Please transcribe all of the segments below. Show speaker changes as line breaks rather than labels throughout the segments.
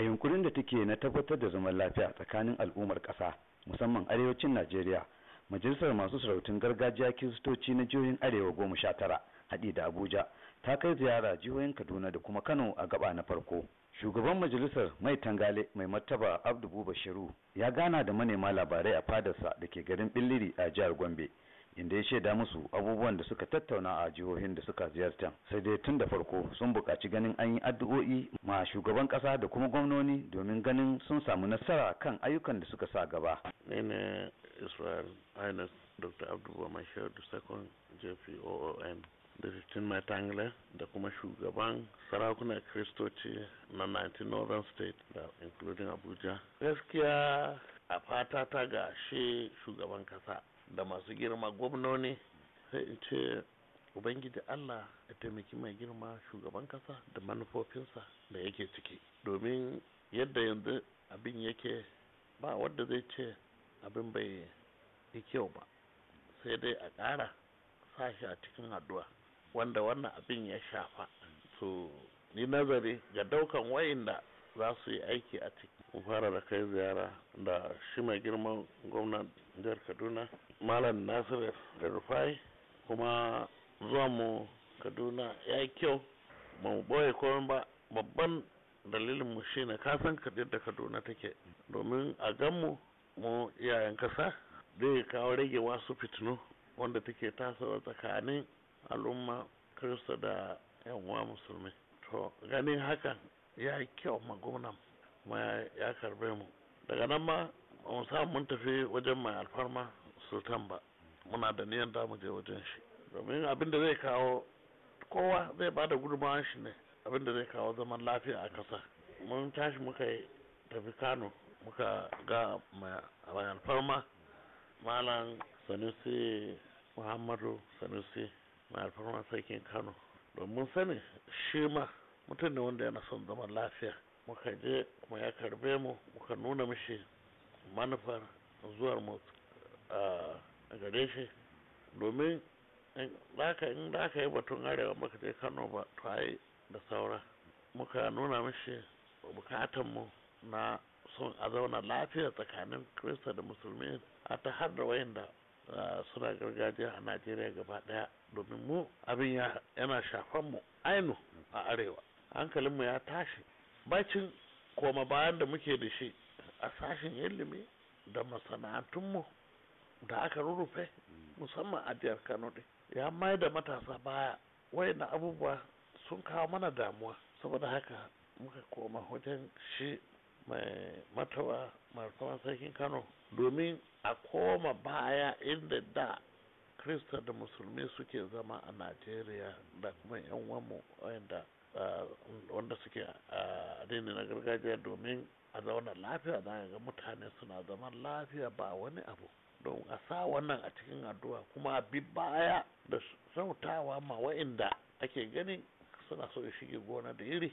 a yunkurin da take na tabbatar da zaman lafiya tsakanin al'ummar ƙasa musamman arewacin najeriya majalisar masu sarautun gargajiya kiristoci na jihohin arewa goma sha tara haɗi da abuja ta kai ziyara jihohin kaduna da kuma kano a gaba na farko shugaban majalisar mai tangale mai martaba abdu bashiru ya gana da manema labarai a fadarsa da ke garin billiri a jihar gombe inda ya shaida musu abubuwan da suka tattauna a jihohin da suka ziyarta sai dai tun da farko sun buƙaci ganin an yi addu'o'i ma shugaban ƙasa da kuma gwamnoni domin ganin sun samu nasara kan ayyukan da suka sa gaba. ne
Israel Highness Dr. Abdul Bamashir Dusakon JPOON da 15 Matangla da kuma shugaban sarakunan kristoci na 19 Northern State da including Abuja. Gaskiya a fata ta ga shi shugaban kasa da masu girma gwamnoni sai in ce ubangiji allah ya taimaki mai girma shugaban kasa da manufofinsa da yake ciki domin yadda yanzu abin yake ba wadda zai ce abin bai yi kyau ba sai dai a ƙara shi a cikin haduwa wanda wannan abin ya shafa su ni nazari ga daukan wayanda za su yi aiki a ciki Mu fara da kai ziyara da shi mai girman gwamnan jihar kaduna malam nasir da rufai kuma zuwa mu kaduna ya yi kyau ba mu ɓoye komai ba babban dalilin mu shine kasan san da kaduna take domin a ganmu mu iyayen kasa zai kawo rage wasu fitinu wanda take tasowa tsakanin al'umma kirista da yan uwa musulmi to ganin haka. ya yi kyau ma gwamnan kuma ya karbe mu daga nan ma mu samu mun tafi wajen mai alfarma sultan ba muna da niyan da mu je wajen shi domin abin da zai kawo kowa zai bada gudunmawar shi ne abin da zai kawo zaman lafiya a ƙasa mun tashi muka tafi kano muka ga mai alfarma malam sanusi muhammadu sanusi mai alfarma sarkin kano domin sani shi ma mutum ne wanda yana son zaman lafiya muka je kuma ya karbe mu muka nuna mishi manufar zuwar mu a gare shi domin in da aka yi batun arewa muka je kano ba to da saura muka nuna mishi bukatan mu na son a zauna lafiya tsakanin kirista da musulmi a ta har da wayanda suna gargajiya a najeriya gaba daya domin mu abin yana shafan mu ainu a arewa hankalinmu ya tashi bacin koma bayan da muke da shi a sashen ilimi da masana'antunmu da aka rurrufe musamman a jihar kano ɗin ya mai da matasa baya Wai na abubuwa sun kawo mana damuwa saboda haka muka koma wajen shi mai matawa martaban sarkin kano domin a koma baya inda da krista da musulmi suke zama a najeriya da kuma 'yan wamu wayanda Eh, wanda suke a eh, addini na gargajiya domin a zauna lafiya za ga mutane suna zama lafiya ba wani abu don a sa wannan a cikin addu'a kuma a bi baya da sautawa ma wa'inda ake ganin suna so shige gona da iri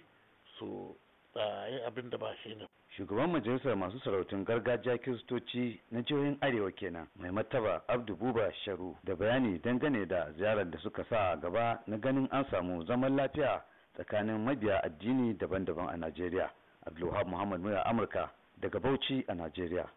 su eh, yi abin da ba shi ne
shugaban majalisar masu sarautun gargajiya kiristoci na jihohin arewa kenan mai mataba abdu buba sharu da bayani dangane da ziyarar da suka sa gaba na ganin an samu zaman lafiya tsakanin mabiya addini daban-daban a Najeriya. Abdulwahab Muhammad Muya Amurka daga Bauchi a Najeriya.